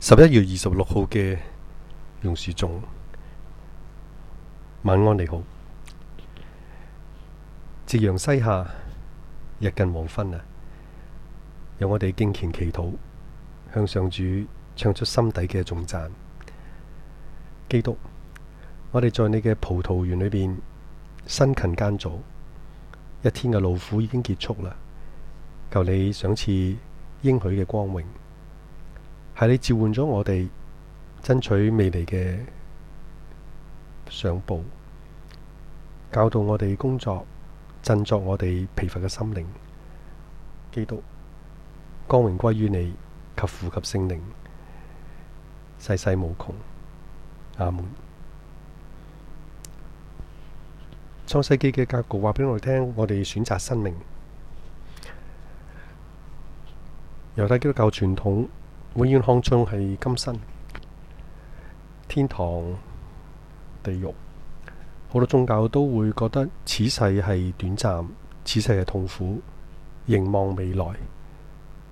十一月二十六號嘅榕樹種，晚安你好。夕陽西下，日近黃昏啊！讓我哋敬虔祈禱，向上主唱出心底嘅頌讚。基督，我哋在你嘅葡萄園裏邊辛勤耕作，一天嘅勞苦已經結束啦。求你賞賜應許嘅光榮。係你召喚咗我哋，爭取未來嘅上報，教導我哋工作，振作我哋疲乏嘅心靈。基督光榮歸於你及父及聖靈，世世無窮。阿門。創世記嘅格局話俾我哋聽，我哋選擇生命。猶太基督教傳統。永遠看中係今生，天堂、地獄，好多宗教都會覺得此世係短暫，此世係痛苦，凝望未來。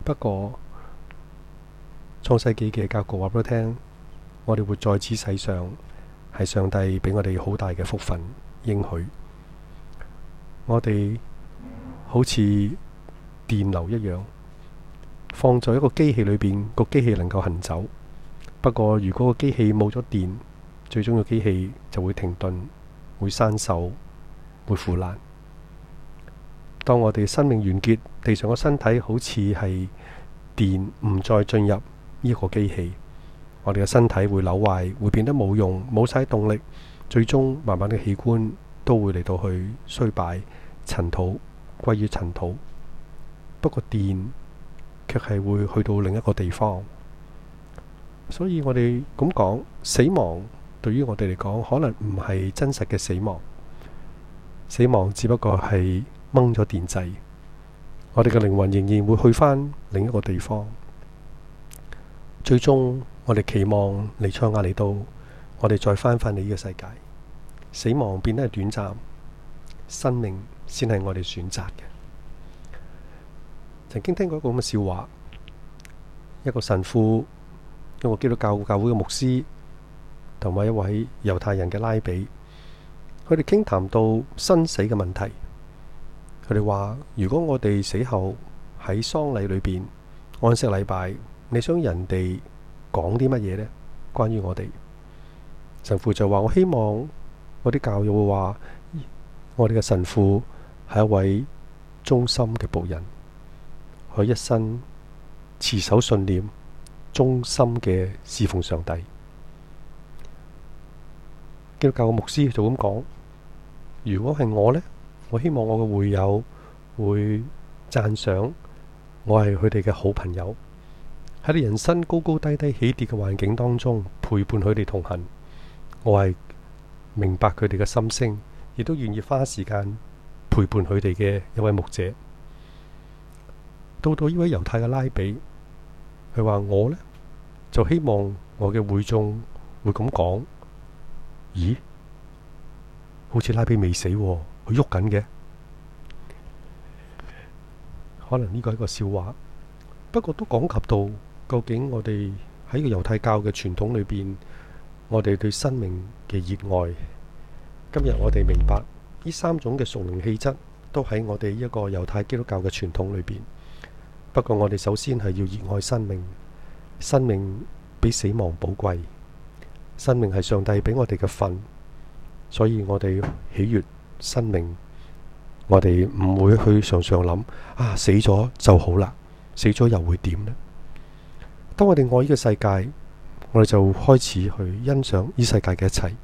不過，創世紀嘅教告話俾我聽，我哋活在此世上係上帝畀我哋好大嘅福分應許，我哋好似電流一樣。放在一個機器裏邊，個機器能夠行走。不過，如果個機器冇咗電，最終個機器就會停頓、會生銹、會腐爛。當我哋生命完結，地上個身體好似係電唔再進入呢個機器，我哋嘅身體會扭壞，會變得冇用、冇晒動力。最終，慢慢嘅器官都會嚟到去衰敗、塵土歸於塵土。不過，電，卻係會去到另一個地方，所以我哋咁講，死亡對於我哋嚟講，可能唔係真實嘅死亡，死亡只不過係掹咗電掣，我哋嘅靈魂仍然會去返另一個地方，最終我哋期望嚟創亞嚟到，我哋再返返你呢個世界，死亡變得係短暫，生命先係我哋選擇嘅。曾經聽過一個咁嘅笑話，一個神父，一個基督教教會嘅牧師，同埋一位猶太人嘅拉比，佢哋傾談到生死嘅問題。佢哋話：如果我哋死後喺喪禮裏邊安息禮拜，你想人哋講啲乜嘢呢？關於我哋。神父就話：我希望我啲教友會話我哋嘅神父係一位忠心嘅僕人。佢一生持守信念，忠心嘅侍奉上帝。基督教牧師就咁講，如果係我咧，我希望我嘅會友會讚賞我係佢哋嘅好朋友，喺你人生高高低低、起跌嘅環境當中陪伴佢哋同行。我係明白佢哋嘅心聲，亦都願意花時間陪伴佢哋嘅一位牧者。到到呢位猶太嘅拉比，佢話：我呢，就希望我嘅會眾會咁講。咦，好似拉比未死喎，哦，佢喐緊嘅。可能呢個係一個笑話，不過都講及到究竟我哋喺個猶太教嘅傳統裏邊，我哋對生命嘅熱愛。今日我哋明白呢三種嘅屬靈氣質都喺我哋一個猶太基督教嘅傳統裏邊。不過，我哋首先係要熱愛生命，生命比死亡寶貴。生命係上帝俾我哋嘅份，所以我哋喜悅生命。我哋唔會去常常諗啊，死咗就好啦，死咗又會點呢？當我哋愛呢個世界，我哋就開始去欣賞呢世界嘅一切，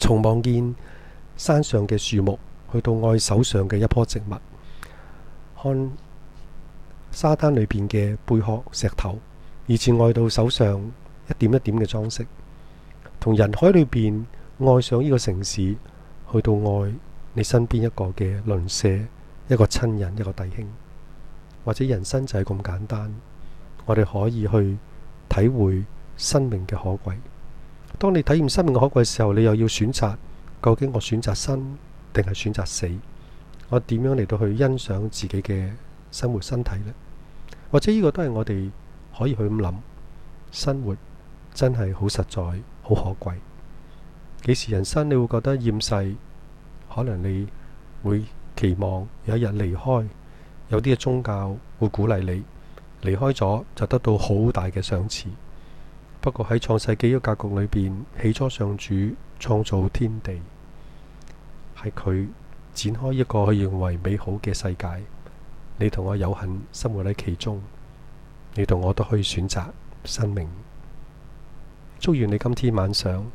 從望見山上嘅樹木，去到愛手上嘅一棵植物，看。沙灘裏邊嘅貝殼、石頭，以前愛到手上一點一點嘅裝飾，同人海裏邊愛上呢個城市，去到愛你身邊一個嘅鄰舍、一個親人、一個弟兄，或者人生就係咁簡單。我哋可以去體會生命嘅可貴。當你體驗生命嘅可貴嘅時候，你又要選擇究竟我選擇生定係選擇死？我點樣嚟到去欣賞自己嘅生活身體呢？或者呢個都係我哋可以去咁諗，生活真係好實在，好可貴。幾時人生你會覺得厭世？可能你會期望有一日離開。有啲嘅宗教會鼓勵你離開咗就得到好大嘅賞賜。不過喺創世記嘅格局裏邊，起初上主創造天地，係佢展開一個佢認為美好嘅世界。你同我有幸生活喺其中，你同我都可以選擇生命。祝願你今天晚上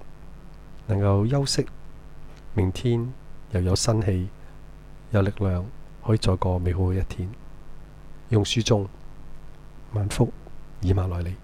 能夠休息，明天又有新氣、有力量，可以再過美好嘅一天。用書中萬福以馬來利。